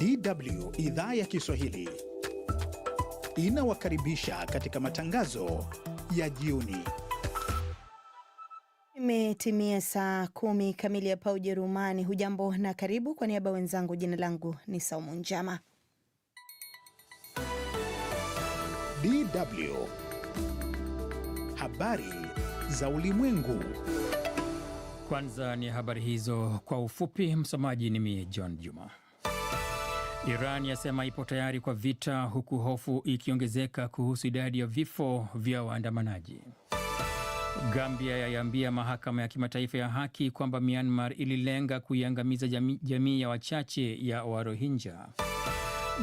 DW idhaa ya Kiswahili inawakaribisha katika matangazo ya jioni. Imetimia saa kumi kamili hapa Ujerumani. Hujambo na karibu. Kwa niaba wenzangu, jina langu ni Saumu Njama. DW habari za ulimwengu. Kwanza ni habari hizo kwa ufupi. Msomaji ni mie John Juma. Iran yasema ipo tayari kwa vita huku hofu ikiongezeka kuhusu idadi ya vifo vya waandamanaji. Gambia yaiambia mahakama ya kimataifa ya haki kwamba Myanmar ililenga kuiangamiza jamii, jami ya wachache ya Warohinja.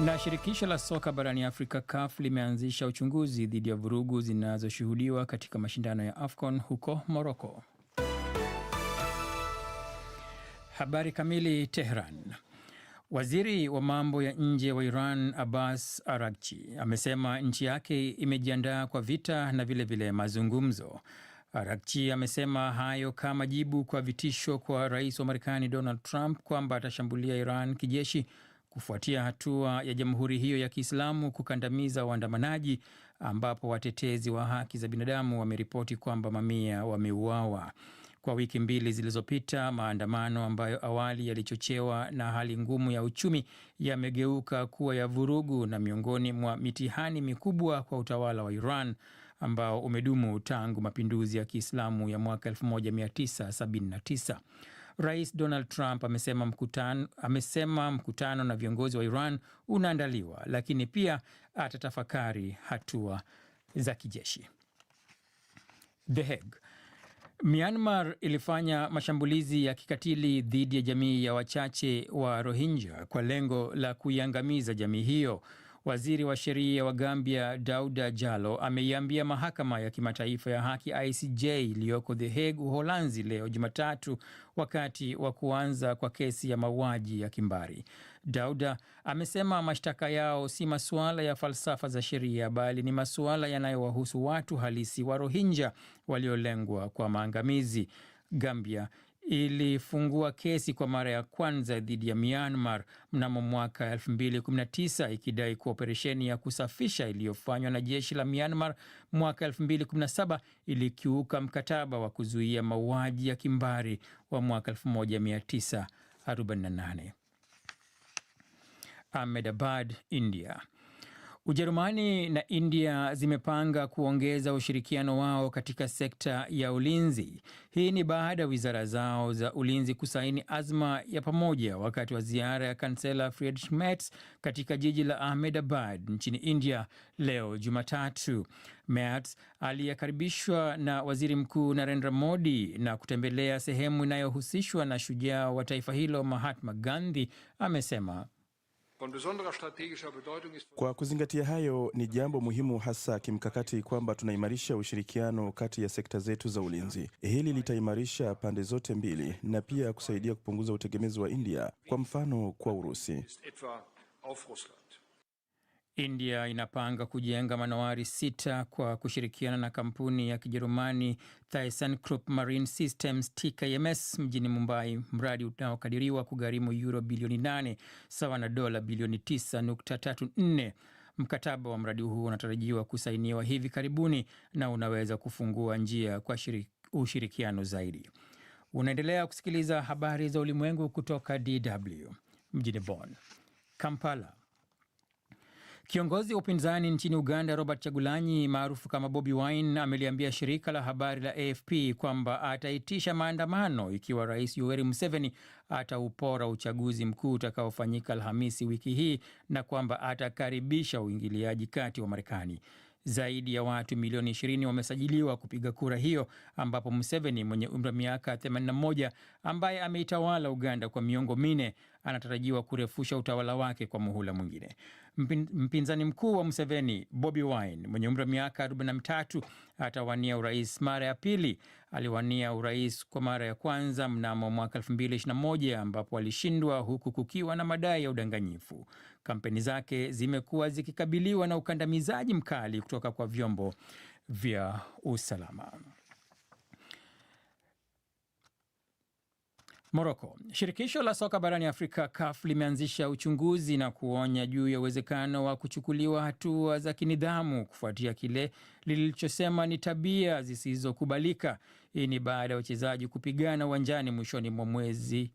Na shirikisho la soka barani Afrika CAF limeanzisha uchunguzi dhidi ya vurugu zinazoshuhudiwa katika mashindano ya AFCON huko moroko Habari kamili, Tehran. Waziri wa mambo ya nje wa Iran Abbas arakchi amesema nchi yake imejiandaa kwa vita na vilevile vile mazungumzo. arakchi amesema hayo kama jibu kwa vitisho kwa rais wa Marekani Donald Trump kwamba atashambulia Iran kijeshi kufuatia hatua ya jamhuri hiyo ya Kiislamu kukandamiza waandamanaji, ambapo watetezi wa haki za binadamu wameripoti kwamba mamia wameuawa. Kwa wiki mbili zilizopita, maandamano ambayo awali yalichochewa na hali ngumu ya uchumi yamegeuka kuwa ya vurugu na miongoni mwa mitihani mikubwa kwa utawala wa Iran ambao umedumu tangu mapinduzi ya Kiislamu ya mwaka 1979. Rais Donald Trump amesema mkutano, amesema mkutano na viongozi wa Iran unaandaliwa, lakini pia atatafakari hatua za kijeshi. The Hague. Myanmar ilifanya mashambulizi ya kikatili dhidi ya jamii ya wachache wa Rohingya kwa lengo la kuiangamiza jamii hiyo. Waziri wa sheria wa Gambia, Dauda jalo ameiambia mahakama ya kimataifa ya haki ICJ iliyoko The Hague, Uholanzi leo Jumatatu, wakati wa kuanza kwa kesi ya mauaji ya kimbari. Dauda amesema mashtaka yao si masuala ya falsafa za sheria bali ni masuala yanayowahusu watu halisi wa Rohingya waliolengwa kwa maangamizi. Gambia ilifungua kesi kwa mara ya kwanza dhidi ya Myanmar mnamo mwaka 2019 ikidai kuwa operesheni ya kusafisha iliyofanywa na jeshi la Myanmar mwaka 2017 ilikiuka mkataba wa kuzuia mauaji ya kimbari wa mwaka 1948. Ahmedabad, India. Ujerumani na India zimepanga kuongeza ushirikiano wao katika sekta ya ulinzi. Hii ni baada ya wizara zao za ulinzi kusaini azma ya pamoja wakati wa ziara ya kansela Friedrich Merz katika jiji la Ahmedabad nchini India leo Jumatatu. Merz aliyekaribishwa na Waziri Mkuu Narendra Modi na kutembelea sehemu inayohusishwa na shujaa wa taifa hilo Mahatma Gandhi amesema kwa kuzingatia hayo, ni jambo muhimu hasa kimkakati kwamba tunaimarisha ushirikiano kati ya sekta zetu za ulinzi. Hili litaimarisha pande zote mbili na pia kusaidia kupunguza utegemezi wa India, kwa mfano kwa Urusi. India inapanga kujenga manowari sita kwa kushirikiana na kampuni ya Kijerumani ThyssenKrupp Marine Systems TKMS mjini Mumbai, mradi unaokadiriwa kugharimu euro bilioni 8 sawa na dola bilioni 9.34. Mkataba wa mradi huu unatarajiwa kusainiwa hivi karibuni na unaweza kufungua njia kwa ushirikiano zaidi. Unaendelea kusikiliza habari za ulimwengu kutoka DW mjini Bonn. Kampala Kiongozi wa upinzani nchini Uganda Robert Chagulanyi maarufu kama Bobi Wine ameliambia shirika la habari la AFP kwamba ataitisha maandamano ikiwa Rais Yoweri Museveni ataupora uchaguzi mkuu utakaofanyika Alhamisi wiki hii na kwamba atakaribisha uingiliaji kati wa Marekani. Zaidi ya watu milioni 20 wamesajiliwa kupiga kura hiyo, ambapo Museveni mwenye umri wa miaka 81 ambaye ameitawala Uganda kwa miongo minne anatarajiwa kurefusha utawala wake kwa muhula mwingine mpinzani mkuu wa Museveni Bobi Wine mwenye umri wa miaka 43 atawania urais mara ya pili. Aliwania urais kwa mara ya kwanza mnamo mwaka 2021 ambapo alishindwa huku kukiwa na madai ya udanganyifu. Kampeni zake zimekuwa zikikabiliwa na ukandamizaji mkali kutoka kwa vyombo vya usalama. Moroko. Shirikisho la soka barani Afrika CAF limeanzisha uchunguzi na kuonya juu ya uwezekano wa kuchukuliwa hatua za kinidhamu kufuatia kile lilichosema ni tabia zisizokubalika. Hii ni baada ya wachezaji kupigana uwanjani mwishoni mwa mwezi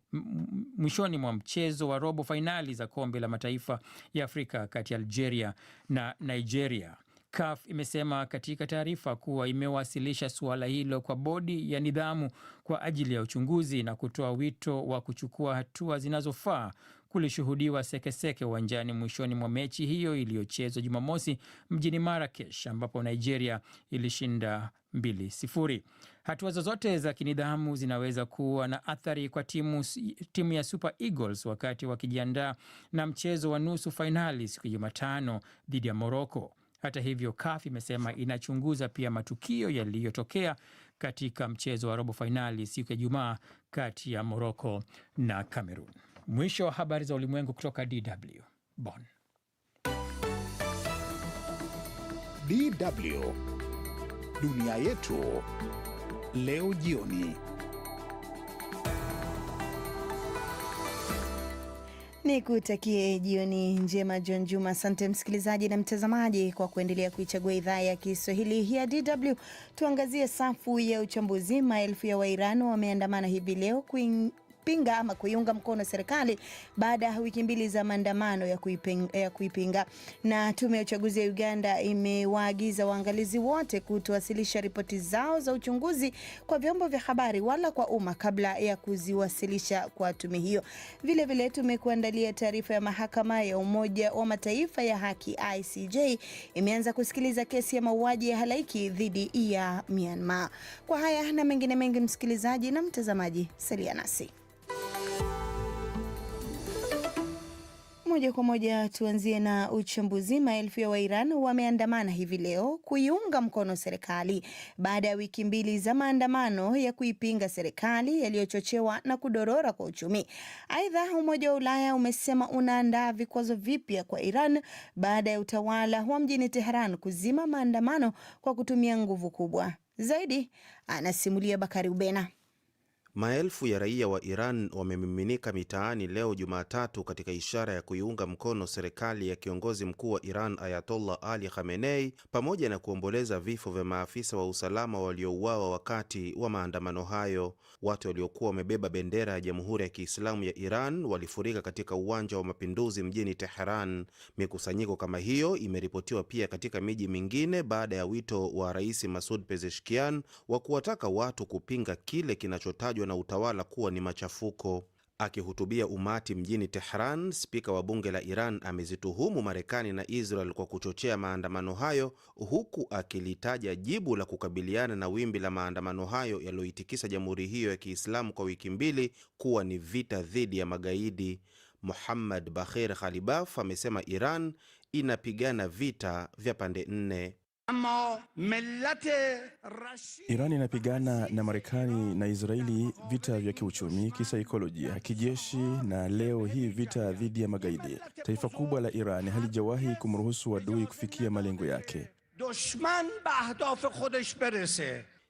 mwishoni mwa mchezo wa robo fainali za kombe la mataifa ya Afrika kati ya Algeria na Nigeria. CAF imesema katika taarifa kuwa imewasilisha suala hilo kwa bodi ya nidhamu kwa ajili ya uchunguzi na kutoa wito wa kuchukua hatua zinazofaa. Kulishuhudiwa sekeseke uwanjani mwishoni mwa mechi hiyo iliyochezwa Jumamosi mjini Marakesh ambapo Nigeria ilishinda 2 Hatua zozote za kinidhamu zinaweza kuwa na athari kwa timu, timu ya Super Eagles wakati wakijiandaa na mchezo wa nusu fainali siku ya Jumatano dhidi ya Morocco. Hata hivyo, CAF imesema inachunguza pia matukio yaliyotokea katika mchezo wa robo fainali siku ya Ijumaa kati ya moroko na Cameroon. Mwisho wa habari za ulimwengu kutoka DW Bonn. DW Dunia Yetu Leo Jioni. ni kutakie jioni njema, John Juma. Asante msikilizaji na mtazamaji kwa kuendelea kuichagua idhaa ya Kiswahili ya DW. Tuangazie safu ya uchambuzi. Maelfu ya Wairani wameandamana hivi leo kupinga ama kuiunga mkono serikali baada ya wiki mbili za maandamano ya kuipinga, ya kuipinga. Na tume ya uchaguzi ya Uganda imewaagiza waangalizi wote kutowasilisha ripoti zao za uchunguzi kwa vyombo vya habari wala kwa umma kabla ya kuziwasilisha kwa tume hiyo. Vile vile tumekuandalia taarifa ya mahakama ya Umoja wa Mataifa ya haki ICJ imeanza kusikiliza kesi ya mauaji ya halaiki dhidi ya Myanmar. Kwa haya na mengine mengi, msikilizaji na mtazamaji, salia nasi. Moja kwa moja tuanzie na uchambuzi. Maelfu ya Wairan wameandamana hivi leo kuiunga mkono serikali baada ya wiki mbili za maandamano ya kuipinga serikali yaliyochochewa na kudorora kwa uchumi. Aidha, Umoja wa Ulaya umesema unaandaa vikwazo vipya kwa Iran baada ya utawala wa mjini Tehran kuzima maandamano kwa kutumia nguvu kubwa. Zaidi anasimulia Bakari Ubena. Maelfu ya raia wa Iran wamemiminika mitaani leo Jumatatu katika ishara ya kuiunga mkono serikali ya kiongozi mkuu wa Iran Ayatollah Ali Khamenei pamoja na kuomboleza vifo vya maafisa wa usalama waliouawa wakati wa maandamano hayo. Watu waliokuwa wamebeba bendera ya Jamhuri ya Kiislamu ya Iran walifurika katika uwanja wa mapinduzi mjini Teheran. Mikusanyiko kama hiyo imeripotiwa pia katika miji mingine baada ya wito wa Rais Masoud Pezeshkian wa kuwataka watu kupinga kile kinachotajwa yanayotajwa na utawala kuwa ni machafuko. Akihutubia umati mjini Tehran, spika wa bunge la Iran amezituhumu Marekani na Israel kwa kuchochea maandamano hayo, huku akilitaja jibu la kukabiliana na wimbi la maandamano hayo yaliyoitikisa jamhuri hiyo ya Kiislamu kwa wiki mbili kuwa ni vita dhidi ya magaidi. Muhammad Bakhir Khalibaf amesema Iran inapigana vita vya pande nne. Iran inapigana na Marekani na Israeli vita vya kiuchumi, kisaikolojia, kijeshi na leo hii vita dhidi ya magaidi. Taifa kubwa la Iran halijawahi kumruhusu adui kufikia malengo yake.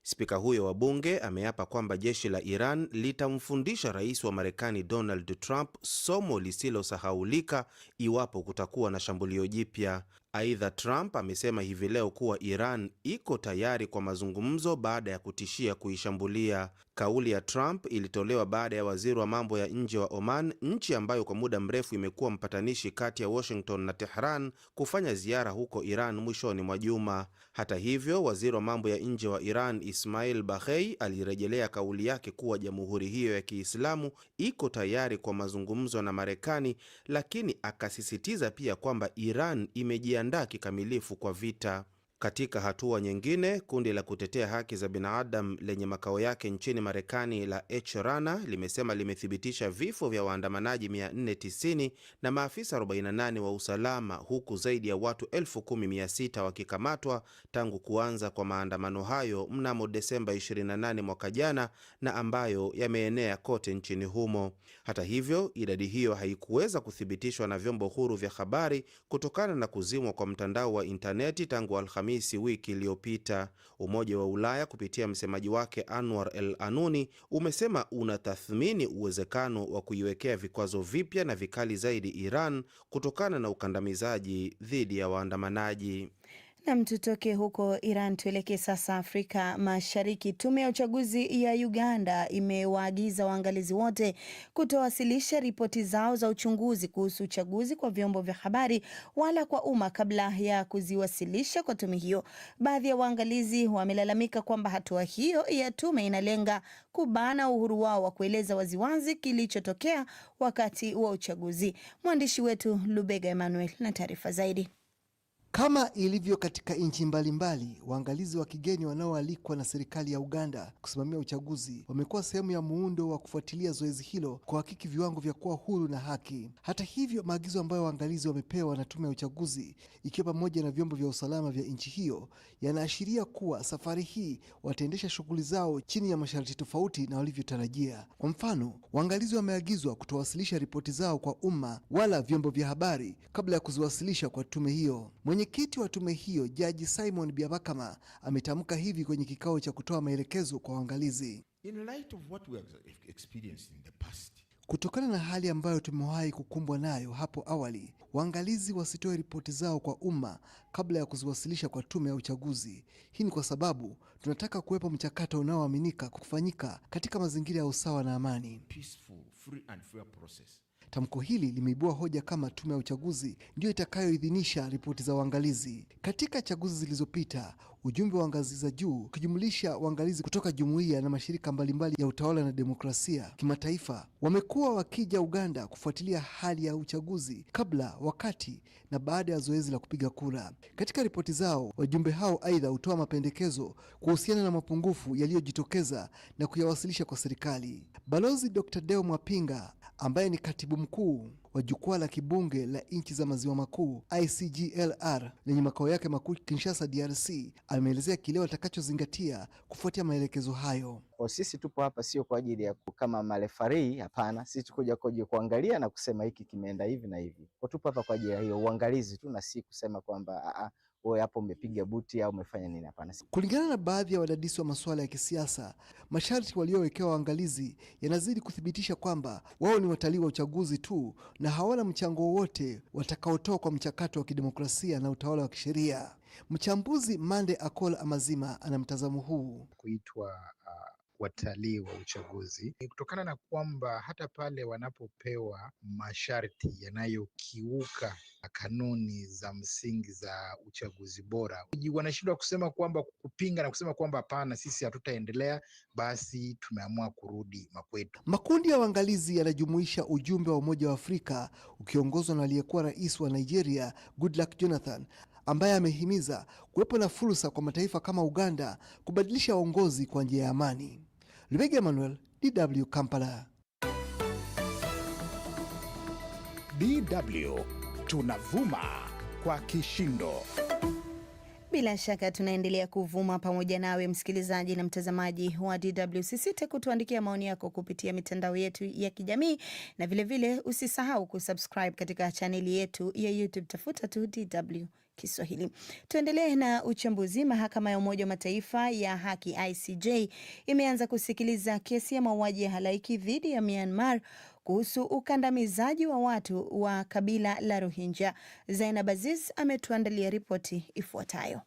Spika huyo wa bunge ameapa kwamba jeshi la Iran litamfundisha rais wa Marekani Donald Trump somo lisilosahaulika iwapo kutakuwa na shambulio jipya. Aidha, Trump amesema hivi leo kuwa Iran iko tayari kwa mazungumzo baada ya kutishia kuishambulia. Kauli ya Trump ilitolewa baada ya waziri wa mambo ya nje wa Oman, nchi ambayo kwa muda mrefu imekuwa mpatanishi kati ya Washington na Tehran, kufanya ziara huko Iran mwishoni mwa juma. Hata hivyo, waziri wa mambo ya nje wa Iran Ismail Baghei alirejelea kauli yake kuwa jamhuri hiyo ya Kiislamu iko tayari kwa mazungumzo na Marekani, lakini akasisitiza pia kwamba Iran imejia kujiandaa kikamilifu kwa vita. Katika hatua nyingine, kundi la kutetea haki za binadamu lenye makao yake nchini Marekani la HRana limesema limethibitisha vifo vya waandamanaji 490 na maafisa 48 wa usalama huku zaidi ya watu 1600 wakikamatwa tangu kuanza kwa maandamano hayo mnamo Desemba 28 mwaka jana na ambayo yameenea kote nchini humo. Hata hivyo, idadi hiyo haikuweza kuthibitishwa na vyombo huru vya habari kutokana na kuzimwa kwa mtandao wa intaneti tangu Alhamisi Alhamisi wiki iliyopita. Umoja wa Ulaya kupitia msemaji wake Anwar El Anuni umesema unatathmini uwezekano wa kuiwekea vikwazo vipya na vikali zaidi Iran kutokana na ukandamizaji dhidi ya waandamanaji. Nam, tutoke huko Iran tuelekee sasa Afrika Mashariki. Tume ya uchaguzi ya Uganda imewaagiza waangalizi wote kutowasilisha ripoti zao za uchunguzi kuhusu uchaguzi kwa vyombo vya habari wala kwa umma kabla ya kuziwasilisha kwa tume hiyo. Baadhi ya waangalizi wamelalamika kwamba hatua hiyo ya tume inalenga kubana uhuru wao wa kueleza waziwazi kilichotokea wakati wa uchaguzi. Mwandishi wetu Lubega Emmanuel na taarifa zaidi. Kama ilivyo katika nchi mbalimbali, waangalizi wa kigeni wanaoalikwa na serikali ya Uganda kusimamia uchaguzi wamekuwa sehemu ya muundo wa kufuatilia zoezi hilo, kuhakiki viwango vya kuwa huru na haki. Hata hivyo, maagizo ambayo waangalizi wamepewa na tume ya uchaguzi, ikiwa pamoja na vyombo vya usalama vya nchi hiyo, yanaashiria kuwa safari hii wataendesha shughuli zao chini ya masharti tofauti na walivyotarajia. Kwa mfano, waangalizi wameagizwa kutowasilisha ripoti zao kwa umma wala vyombo vya habari kabla ya kuziwasilisha kwa tume hiyo. Mwenye Mwenyekiti wa tume hiyo Jaji Simon Biabakama ametamka hivi kwenye kikao cha kutoa maelekezo kwa waangalizi. In light of what we experienced in the past, kutokana na hali ambayo tumewahi kukumbwa nayo hapo awali, waangalizi wasitoe ripoti zao kwa umma kabla ya kuziwasilisha kwa tume ya uchaguzi. Hii ni kwa sababu tunataka kuwepo mchakato unaoaminika kufanyika katika mazingira ya usawa na amani. Peaceful, free and fair process. Tamko hili limeibua hoja kama tume ya uchaguzi ndiyo itakayoidhinisha ripoti za waangalizi. Katika chaguzi zilizopita, ujumbe wa ngazi za juu ukijumlisha waangalizi kutoka jumuiya na mashirika mbalimbali ya utawala na demokrasia kimataifa wamekuwa wakija Uganda kufuatilia hali ya uchaguzi kabla, wakati na baada ya zoezi la kupiga kura. Katika ripoti zao, wajumbe hao aidha hutoa mapendekezo kuhusiana na mapungufu yaliyojitokeza na kuyawasilisha kwa serikali. Balozi Dr. Deo Mwapinga ambaye ni katibu mkuu wa jukwaa la kibunge la nchi za maziwa makuu ICGLR lenye makao yake makuu Kinshasa, DRC, ameelezea kile watakachozingatia kufuatia maelekezo hayo. Kwa sisi tupo hapa sio kwa ajili ya kama marefarii, hapana. Sisi tukuja koje kuangalia na kusema hiki kimeenda hivi na hivi, kwa tupo hapa kwa ajili ya hiyo uangalizi tu, na si kusema kwamba ah, ah, wewe hapo umepiga buti au umefanya nini? Hapana. Kulingana na baadhi ya wadadisi wa masuala ya kisiasa, masharti waliowekewa waangalizi yanazidi kuthibitisha kwamba wao ni watalii wa uchaguzi tu na hawana mchango wowote watakaotoa kwa mchakato wa kidemokrasia na utawala wa kisheria. Mchambuzi Mande Akol Amazima ana mtazamo huu kuitwa uh, watalii wa uchaguzi ni kutokana na kwamba hata pale wanapopewa masharti yanayokiuka kanuni za msingi za uchaguzi bora, wanashindwa kusema kwamba, kupinga na kusema kwamba hapana, sisi hatutaendelea, basi tumeamua kurudi makwetu. Makundi ya waangalizi yanajumuisha ujumbe wa Umoja wa Afrika ukiongozwa na aliyekuwa rais wa Nigeria Goodluck Jonathan ambaye amehimiza kuwepo na fursa kwa mataifa kama Uganda kubadilisha uongozi kwa njia ya amani. Lubega Emmanuel, DW Kampala. DW tunavuma kwa kishindo. Bila shaka tunaendelea kuvuma pamoja nawe msikilizaji na mtazamaji wa DW. Usisite kutuandikia maoni yako kupitia mitandao yetu ya kijamii na vilevile vile, usisahau kusubscribe katika chaneli yetu ya YouTube, tafuta tu DW. Kiswahili. Tuendelee na uchambuzi. Mahakama ya Umoja wa Mataifa ya Haki ICJ imeanza kusikiliza kesi ya mauaji ya halaiki dhidi ya Myanmar kuhusu ukandamizaji wa watu wa kabila la Rohingya. Zainab Aziz ametuandalia ripoti ifuatayo.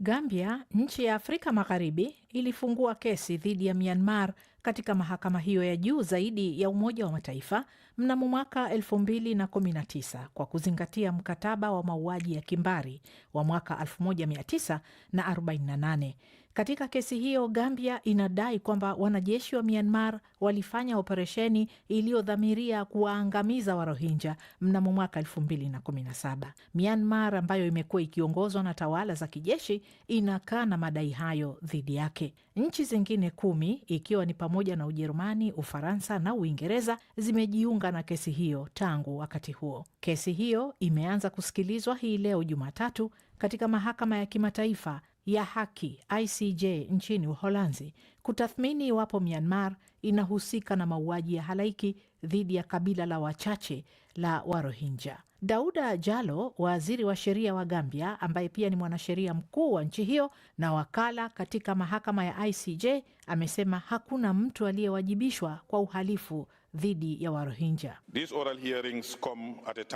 Gambia, nchi ya Afrika Magharibi, ilifungua kesi dhidi ya Myanmar katika mahakama hiyo ya juu zaidi ya Umoja wa Mataifa mnamo mwaka 2019 kwa kuzingatia mkataba wa mauaji ya kimbari wa mwaka 1948 katika kesi hiyo, Gambia inadai kwamba wanajeshi wa Myanmar walifanya operesheni iliyodhamiria kuwaangamiza Warohinja mnamo mwaka 2017. Myanmar ambayo imekuwa ikiongozwa na tawala za kijeshi inakaa na madai hayo dhidi yake. Nchi zingine kumi ikiwa ni pamoja na Ujerumani, Ufaransa na Uingereza zimejiunga na kesi hiyo tangu wakati huo. Kesi hiyo imeanza kusikilizwa hii leo Jumatatu katika mahakama ya kimataifa ya haki ICJ nchini Uholanzi kutathmini iwapo Myanmar inahusika na mauaji ya halaiki dhidi ya kabila la wachache la Warohinja. Dauda Jalo, waziri wa sheria wa Gambia, ambaye pia ni mwanasheria mkuu wa nchi hiyo na wakala katika mahakama ya ICJ, amesema hakuna mtu aliyewajibishwa kwa uhalifu dhidi ya Warohinja.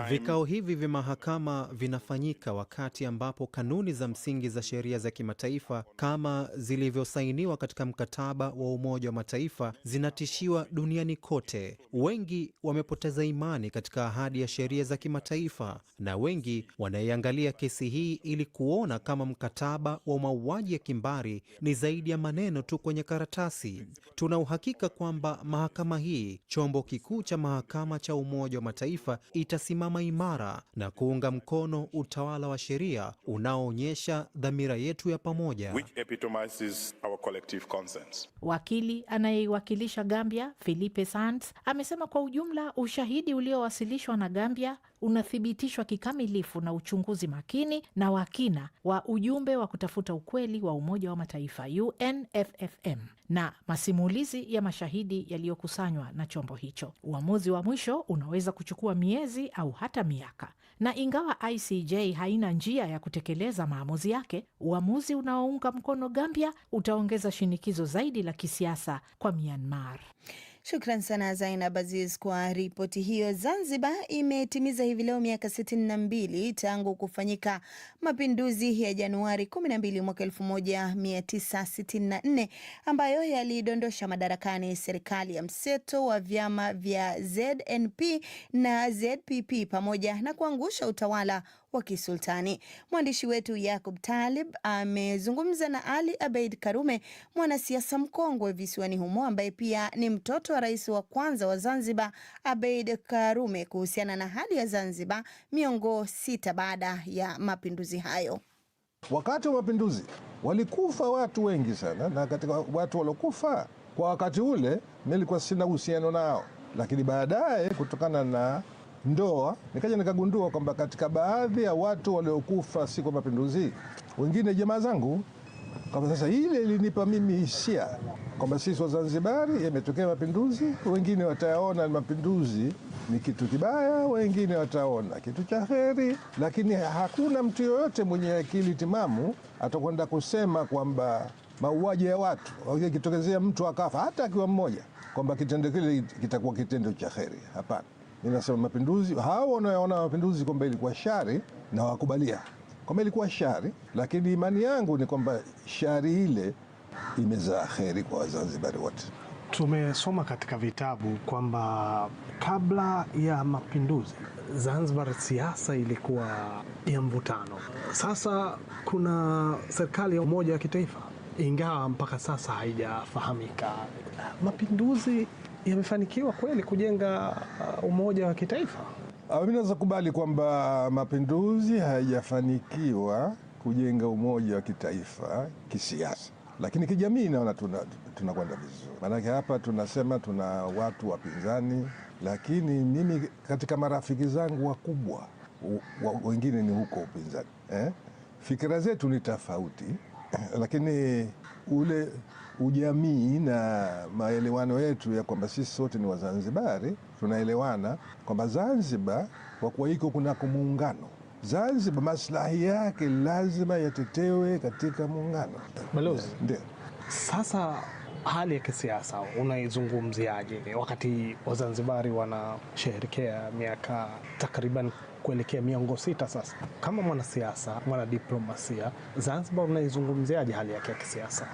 Vikao hivi vya mahakama vinafanyika wakati ambapo kanuni za msingi za sheria za kimataifa kama zilivyosainiwa katika mkataba wa Umoja wa Mataifa zinatishiwa duniani kote. Wengi wamepoteza imani katika ahadi ya sheria za kimataifa, na wengi wanaiangalia kesi hii ili kuona kama mkataba wa mauaji ya kimbari ni zaidi ya maneno tu kwenye karatasi. Tuna uhakika kwamba mahakama hii chom chombo kikuu cha mahakama cha Umoja wa Mataifa itasimama imara na kuunga mkono utawala wa sheria unaoonyesha dhamira yetu ya pamoja. Wakili anayeiwakilisha Gambia Filipe Sands amesema kwa ujumla ushahidi uliowasilishwa na Gambia unathibitishwa kikamilifu na uchunguzi makini na wa kina wa ujumbe wa kutafuta ukweli wa Umoja wa Mataifa UNFFM na masimulizi ya mashahidi yaliyokusanywa na chombo hicho. Uamuzi wa mwisho unaweza kuchukua miezi au hata miaka, na ingawa ICJ haina njia ya kutekeleza maamuzi yake, uamuzi unaounga mkono Gambia utaongeza shinikizo zaidi la kisiasa kwa Myanmar. Shukran sana Zainab Aziz kwa ripoti hiyo. Zanzibar imetimiza hivi leo miaka 62 tangu kufanyika mapinduzi ya Januari 12 mwaka 1964 ambayo yalidondosha madarakani serikali ya mseto wa vyama vya ZNP na ZPP pamoja na kuangusha utawala wa kisultani. Mwandishi wetu Yakub Talib amezungumza na Ali Abeid Karume, mwanasiasa mkongwe visiwani humo, ambaye pia ni mtoto wa rais wa kwanza wa Zanzibar Abeid Karume, kuhusiana na hali ya Zanzibar miongo sita baada ya mapinduzi hayo. Wakati wa mapinduzi walikufa watu wengi sana, na katika watu waliokufa kwa wakati ule nilikuwa sina uhusiano nao, lakini baadaye kutokana na ndoa, nikaja nikagundua kwamba katika baadhi ya watu waliokufa si kwa mapinduzi, wengine jamaa zangu. Kwamba sasa ile ilinipa mimi hisia kwamba sisi Wazanzibari yametokea mapinduzi, wengine watayaona mapinduzi ni kitu kibaya, wengine wataona kitu cha heri, lakini hakuna mtu yoyote mwenye akili timamu atakwenda kusema kwamba mauaji ya watu akitokezea mtu akafa hata akiwa mmoja kwamba kitendo kile kitakuwa kitendo cha heri. Hapana. Ninasema mapinduzi hao wanaona mapinduzi kwamba ilikuwa shari na wakubalia kwamba ilikuwa shari, lakini imani yangu ni kwamba shari ile imezaa kheri kwa Wazanzibari wote. Tumesoma katika vitabu kwamba kabla ya mapinduzi Zanzibar siasa ilikuwa ya mvutano. Sasa kuna serikali ya umoja wa kitaifa, ingawa mpaka sasa haijafahamika. Mapinduzi yamefanikiwa kweli kujenga uh, umoja wa kitaifa? Ah, mimi naweza kubali kwamba mapinduzi hayajafanikiwa kujenga umoja wa kitaifa kisiasa, lakini kijamii naona tunakwenda tuna vizuri. Maanake hapa tunasema tuna watu wapinzani, lakini mimi katika marafiki zangu wakubwa wengine ni huko upinzani eh? Fikira zetu ni tofauti eh? lakini ule ujamii na maelewano yetu ya kwamba sisi sote ni Wazanzibari, tunaelewana kwamba Zanzibar kwa kuwa iko kunako muungano Zanzibar maslahi yake lazima yatetewe katika muungano. Balozi, ndio sasa hali ya kisiasa unaizungumziaje wakati Wazanzibari wanasheherekea miaka takriban kuelekea miongo sita sasa? Kama mwanasiasa, mwanadiplomasia, Zanzibar unaizungumziaje hali yake ya kisiasa?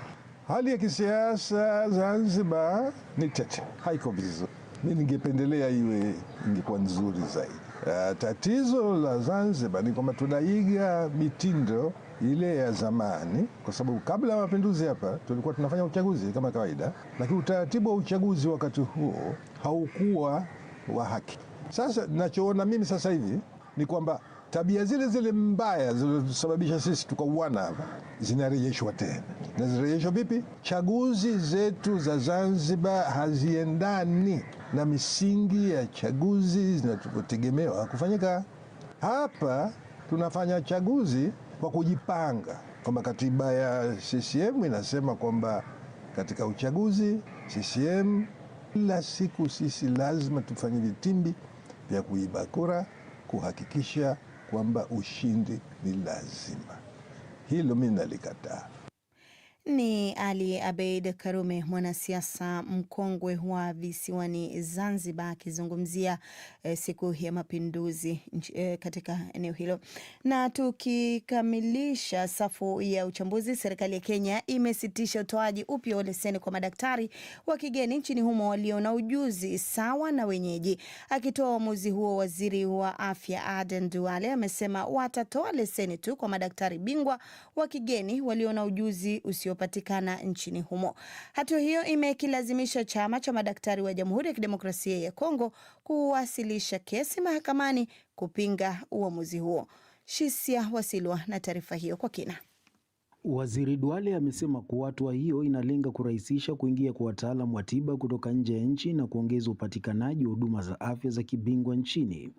Hali ya kisiasa Zanzibar ni tete, haiko vizuri. Mi ningependelea iwe ingekuwa nzuri zaidi. Uh, tatizo la Zanzibar ni kwamba tunaiga mitindo ile ya zamani, kwa sababu kabla ya mapinduzi hapa tulikuwa tunafanya uchaguzi kama kawaida, lakini utaratibu wa uchaguzi wakati huo haukuwa wa haki. Sasa nachoona mimi sasa hivi ni kwamba tabia zile zile mbaya zilizosababisha sisi tukauana hapa zinarejeshwa tena. Na zinarejeshwa vipi? Chaguzi zetu za Zanzibar haziendani na misingi ya chaguzi zinazotegemewa kufanyika hapa. Tunafanya chaguzi kwa kujipanga, kwamba katiba ya CCM inasema kwamba katika uchaguzi CCM kila siku sisi lazima tufanye vitimbi vya kuiba kura kuhakikisha kwamba ushindi ni lazima. Hilo mi nalikataa. Ni Ali Abeid Karume, mwanasiasa mkongwe wa visiwani Zanzibar, akizungumzia e, siku ya mapinduzi e, katika eneo hilo. Na tukikamilisha safu ya uchambuzi, serikali ya Kenya imesitisha utoaji upya wa leseni kwa madaktari wa kigeni nchini humo walio na ujuzi sawa na wenyeji. Akitoa uamuzi huo, waziri wa afya Aden Duale amesema watatoa leseni tu kwa madaktari bingwa wa kigeni walio na ujuzi usio yanayopatikana nchini humo. Hatua hiyo imekilazimisha chama cha madaktari wa Jamhuri ya Kidemokrasia ya Kongo kuwasilisha kesi mahakamani kupinga uamuzi huo. Shisia Wasilwa na taarifa hiyo kwa kina. Waziri Duale amesema kuwa hatua hiyo inalenga kurahisisha kuingia kwa wataalamu wa tiba kutoka nje ya nchi na kuongeza upatikanaji wa huduma za afya za kibingwa nchini.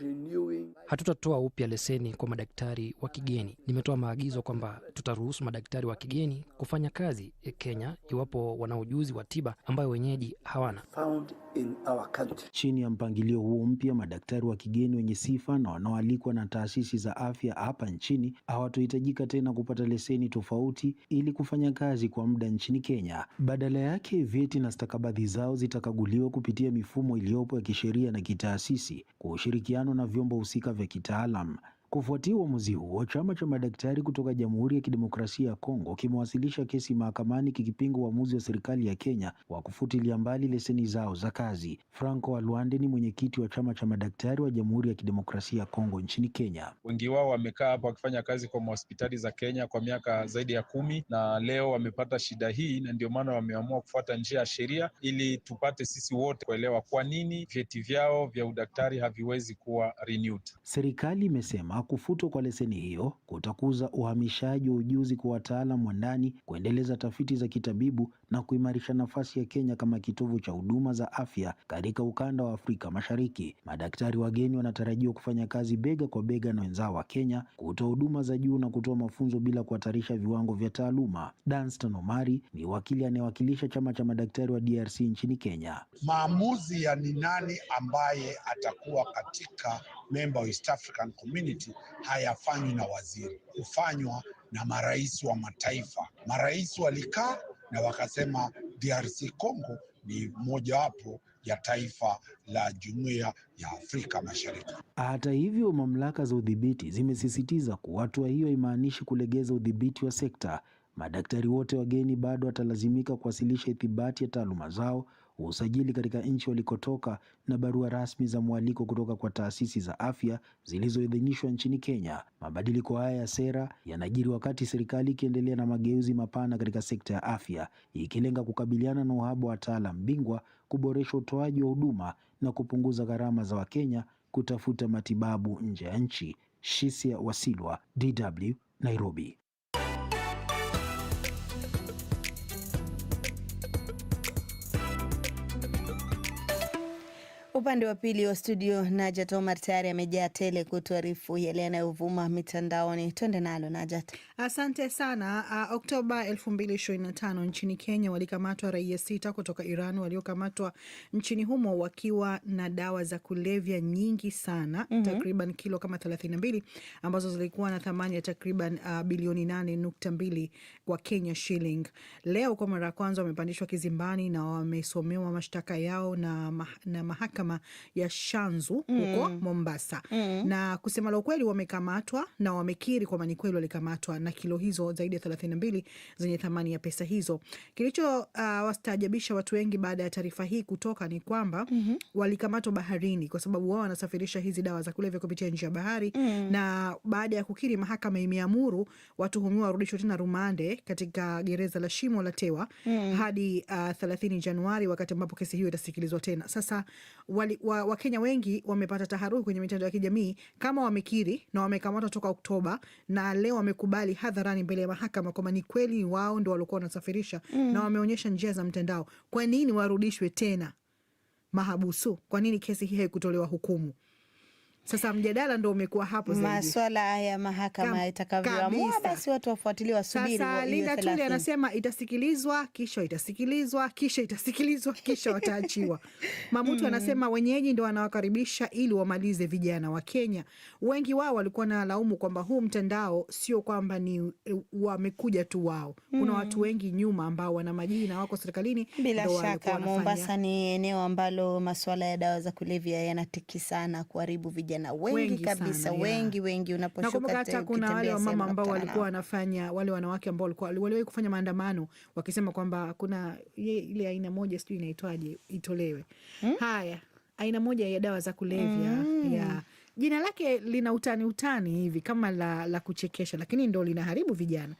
renewing... hatutatoa upya leseni kwa madaktari wa kigeni. Nimetoa maagizo kwamba tutaruhusu madaktari wa kigeni kufanya kazi Kenya iwapo wana ujuzi wa tiba ambayo wenyeji hawana Found in our country. Chini ya mpangilio huo mpya, madaktari wa kigeni wenye sifa na wanaoalikwa na taasisi za afya hapa nchini hawatohitajika tena kupata leseni tofauti ili kufanya kazi kwa muda nchini Kenya. Badala yake, vyeti na stakabadhi zao zitakaguliwa kupitia mifumo iliyopo ya kisheria na kitaasisi kwa ushirikiano na vyombo husika vya kitaalam. Kufuatia uamuzi huo, chama cha madaktari kutoka Jamhuri ya Kidemokrasia ya Kongo kimewasilisha kesi mahakamani kikipinga uamuzi wa serikali ya Kenya wa kufutilia mbali leseni zao za kazi. Franco Alwande ni mwenyekiti wa chama cha madaktari wa Jamhuri ya Kidemokrasia ya Kongo nchini Kenya. Wengi wao wamekaa hapa wakifanya kazi kwa mahospitali za Kenya kwa miaka zaidi ya kumi, na leo wamepata shida hii, na ndio maana wameamua kufuata njia ya sheria ili tupate sisi wote kuelewa kwa nini vyeti vyao vya udaktari haviwezi kuwa renewed. Serikali imesema Kufutwa kwa leseni hiyo kutakuza uhamishaji wa ujuzi kwa wataalamu wa ndani, kuendeleza tafiti za kitabibu na kuimarisha nafasi ya Kenya kama kitovu cha huduma za afya katika ukanda wa Afrika Mashariki. Madaktari wageni wanatarajiwa kufanya kazi bega kwa bega na wenzao wa Kenya kutoa huduma za juu na kutoa mafunzo bila kuhatarisha viwango vya taaluma. Danstan Omari ni wakili anayewakilisha chama cha madaktari wa DRC nchini Kenya. Maamuzi ya ni nani ambaye atakuwa katika member East African Community hayafanywi na waziri, hufanywa na marais wa mataifa. Marais walikaa na wakasema DRC Congo ni mojawapo ya taifa la jumuiya ya Afrika Mashariki. Hata hivyo, mamlaka za udhibiti zimesisitiza kuwa hatua hiyo haimaanishi kulegeza udhibiti wa sekta. Madaktari wote wageni bado watalazimika kuwasilisha ithibati ya taaluma zao usajili katika nchi walikotoka na barua rasmi za mwaliko kutoka kwa taasisi za afya zilizoidhinishwa nchini Kenya. Mabadiliko haya ya sera yanajiri wakati serikali ikiendelea na mageuzi mapana katika sekta ya afya, ikilenga kukabiliana na uhaba wa wataalamu bingwa, kuboresha utoaji wa huduma na kupunguza gharama za Wakenya kutafuta matibabu nje ya nchi. Shisia Wasilwa, DW, Nairobi. Upande wa pili wa studio Najat Omar tayari amejaa tele kutuarifu yale yanayovuma mitandaoni. Twende nalo Najat. Asante sana. Uh, Oktoba 2025 nchini Kenya walikamatwa raia sita kutoka Iran waliokamatwa nchini humo wakiwa na dawa za kulevya nyingi sana mm -hmm. takriban kilo kama 32 ambazo zilikuwa na thamani ya takriban uh, bilioni 8.2 kwa Kenya shilling. Leo kwa mara ya kwanza wamepandishwa kizimbani na wamesomewa mashtaka yao na, ma na mahakama mahakama ya Shanzu huko mm. Mombasa mm. na kusema la ukweli, wamekamatwa na wamekiri kwamba ni kweli walikamatwa na kilo hizo zaidi ya 32 zenye thamani ya pesa hizo. Kilicho uh, wastaajabisha watu wengi baada ya taarifa hii kutoka ni kwamba mm -hmm. walikamatwa baharini kwa sababu wao wanasafirisha hizi dawa za kulevya kupitia njia ya bahari mm. na baada ya kukiri, mahakama imeamuru watuhumiwa warudishwe tena rumande katika gereza la Shimo la Tewa mm. hadi uh, ah, 30 Januari, wakati ambapo kesi hiyo itasikilizwa tena. Sasa Wakenya wa, wa wengi wamepata taharuki kwenye mitandao ya kijamii kama wamekiri na wamekamatwa toka Oktoba na leo wamekubali hadharani mbele ya mahakama kwamba ni kweli wao ndo walikuwa wanasafirisha mm. na wameonyesha njia za mtandao. Kwa nini warudishwe tena mahabusu? Kwa nini kesi hii haikutolewa hukumu? Sasa mjadala ndo umekuwa hapo zaidi, maswala ya mahakama itakavyoamua, basi watu wafuatilie, wasubiri. Sasa Linda Tuli anasema itasikilizwa kisha itasikilizwa kisha itasikilizwa kisha wataachiwa. Mamutu hmm. anasema wenyeji ndo wanawakaribisha ili wamalize vijana wa Kenya. Wengi wao walikuwa na laumu kwamba huu mtandao sio kwamba ni wamekuja tu wao, kuna hmm. watu wengi nyuma ambao wana majina wako serikalini. Bila shaka Mombasa ni eneo ambalo masuala ya dawa za kulevya yanatikisana kuharibu vijana vijana wengi, wengi kabisa sana, wengi wengi unaposhuka hata kuna wale wamama ambao walikuwa wanafanya wale wanawake ambao walikuwa waliwahi kufanya maandamano wakisema kwamba kuna ile aina moja sijui inaitwaje itolewe. Hmm? Haya, aina moja ya dawa za kulevya hmm. ya jina lake lina utani utani hivi kama la, la kuchekesha, lakini ndo linaharibu vijana.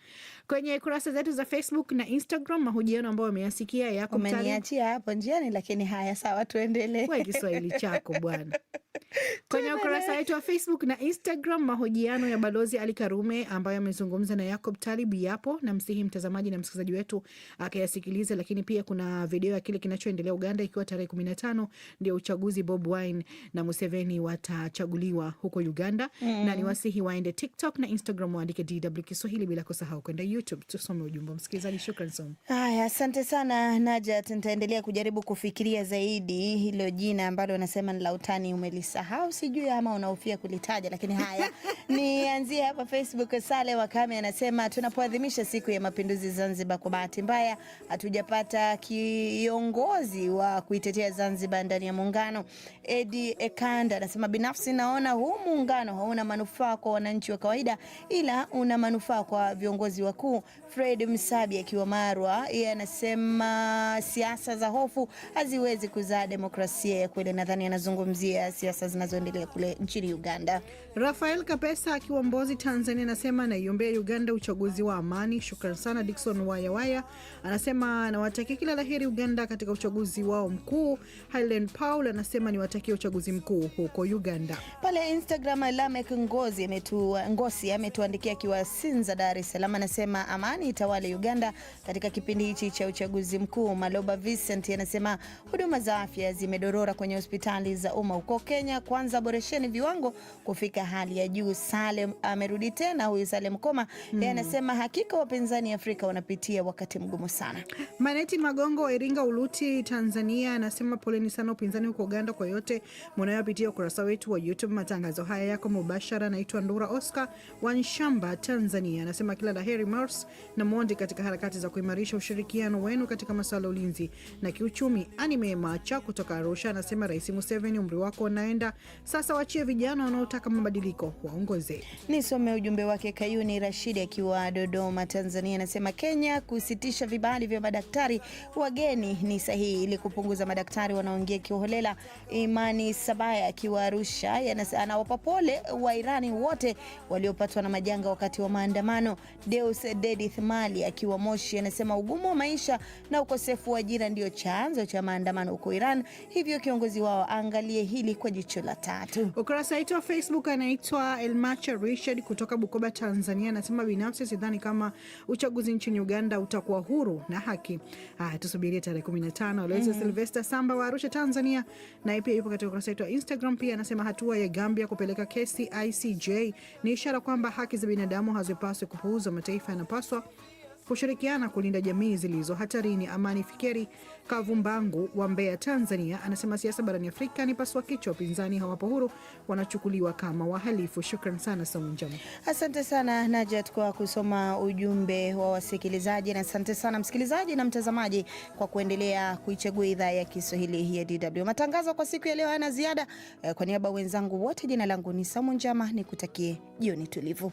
Kwenye kurasa zetu za Facebook na Instagram, mahojiano ambayo ameyasikia yako, umeniachia hapo njiani, lakini haya sawa, tuendelee. Kwa Kiswahili chako bwana kwenye ukurasa wetu wa Facebook na Instagram, mahojiano ya Balozi Ali Karume ambayo amezungumza na Yacob Talib yapo, na msihi mtazamaji na msikilizaji wetu akayasikiliza. Lakini pia kuna video ya kile kinachoendelea Uganda, ikiwa tarehe 15 ndio uchaguzi, Bob Wine na Museveni watachaguliwa kuchukuliwa huko Uganda mm. na niwasihi waende TikTok na Instagram waandike DW Kiswahili bila kusahau kwenda YouTube. Tusome ujumbe msikilizaji. Shukran sana. Haya, asante sana Najat, nitaendelea kujaribu kufikiria zaidi hilo jina ambalo unasema ni la utani. Umelisahau sijui ama unahofia kulitaja, lakini haya nianzie hapa Facebook. Sale Wakame anasema tunapoadhimisha siku ya mapinduzi Zanzibar, kwa bahati mbaya hatujapata kiongozi wa kuitetea Zanzibar ndani ya muungano. Edi Ekanda anasema binafsi naona anaona huu muungano hauna manufaa kwa wananchi wa kawaida, ila una manufaa kwa viongozi wakuu. Fred Msabi akiwa Marwa, yeye anasema siasa za hofu haziwezi kuzaa demokrasia ya kweli. Nadhani anazungumzia siasa zinazoendelea kule nchini Uganda. Rafael Kapesa akiwa Mbozi, Tanzania, anasema anaiombea Uganda uchaguzi wa amani. Shukran sana Dickson Wayawaya, anasema anawatakia kila laheri Uganda katika uchaguzi wao mkuu. Helen Paul anasema niwatakia uchaguzi mkuu huko Uganda. Pale Instagram, Lamek Ngozi ametu, Ngosi ametuandikia akiwa Sinza, Dar es Salaam, anasema amani itawale Uganda katika kipindi hichi cha uchaguzi mkuu. Maloba Vincent anasema huduma za afya zimedorora kwenye hospitali za umma huko Kenya, kwanza boresheni viwango kufika hali ya juu. Salem amerudi tena huyu Salem Koma mm. Yeye hmm. anasema hakika wapinzani Afrika wanapitia wakati mgumu sana. Maneti Magongo wa Iringa Uluti, Tanzania anasema poleni sana upinzani huko Uganda kwa yote mnayopitia. Ukurasa wetu wa YouTube, matangazo haya yako mubashara. Anaitwa Ndura Oscar Wanshamba, Tanzania, anasema kila la heri Mars na Monde katika harakati za kuimarisha ushirikiano wenu katika masuala ya ulinzi na kiuchumi. Anime Macha kutoka Arusha anasema Rais Museveni, umri wako unaenda sasa, wachie vijana wanaotaka mabadiliko mabadiliko waongoze. Nisome ujumbe wake Kayuni Rashidi akiwa Dodoma, Tanzania, anasema Kenya kusitisha vibali vya madaktari wageni ni sahihi ili kupunguza madaktari wanaoingia kiholela. Imani Sabaya akiwa Arusha anawapa pole Wairani wote waliopatwa na majanga wakati wa maandamano. Deus Dedith Mali akiwa Moshi anasema ugumu wa maisha na ukosefu wa ajira ndio chanzo cha maandamano huko Iran, hivyo kiongozi wao aangalie hili kwa jicho la tatu. Ukurasa wetu wa Facebook anaitwa Elmacha Richard kutoka Bukoba, Tanzania, anasema binafsi sidhani kama uchaguzi nchini Uganda utakuwa huru na haki. Ah, tusubirie tarehe 15. Aloysius mm -hmm. Silvester Samba wa Arusha, Tanzania, naye pia yupo katika ukurasa wetu wa Instagram. Pia anasema hatua ya Gambia kupeleka kesi ICJ ni ishara kwamba haki za binadamu hazipaswi kupuuzwa. Mataifa yanapaswa kushirikiana kulinda jamii zilizo hatarini. Amani Fikeri Kavumbangu wa Mbeya, Tanzania, anasema siasa barani Afrika ni paswa kichwa, wapinzani hawapo huru, wanachukuliwa kama wahalifu. Shukran sana Samu Njama. Asante sana Najat kwa kusoma ujumbe wa wasikilizaji, na asante sana msikilizaji na mtazamaji kwa kuendelea kuichagua idhaa ya Kiswahili ya DW. Matangazo kwa siku ya leo yana ziada. Eh, kwa niaba wenzangu wote, jina langu ni Samu Njama, nikutakie jioni tulivu.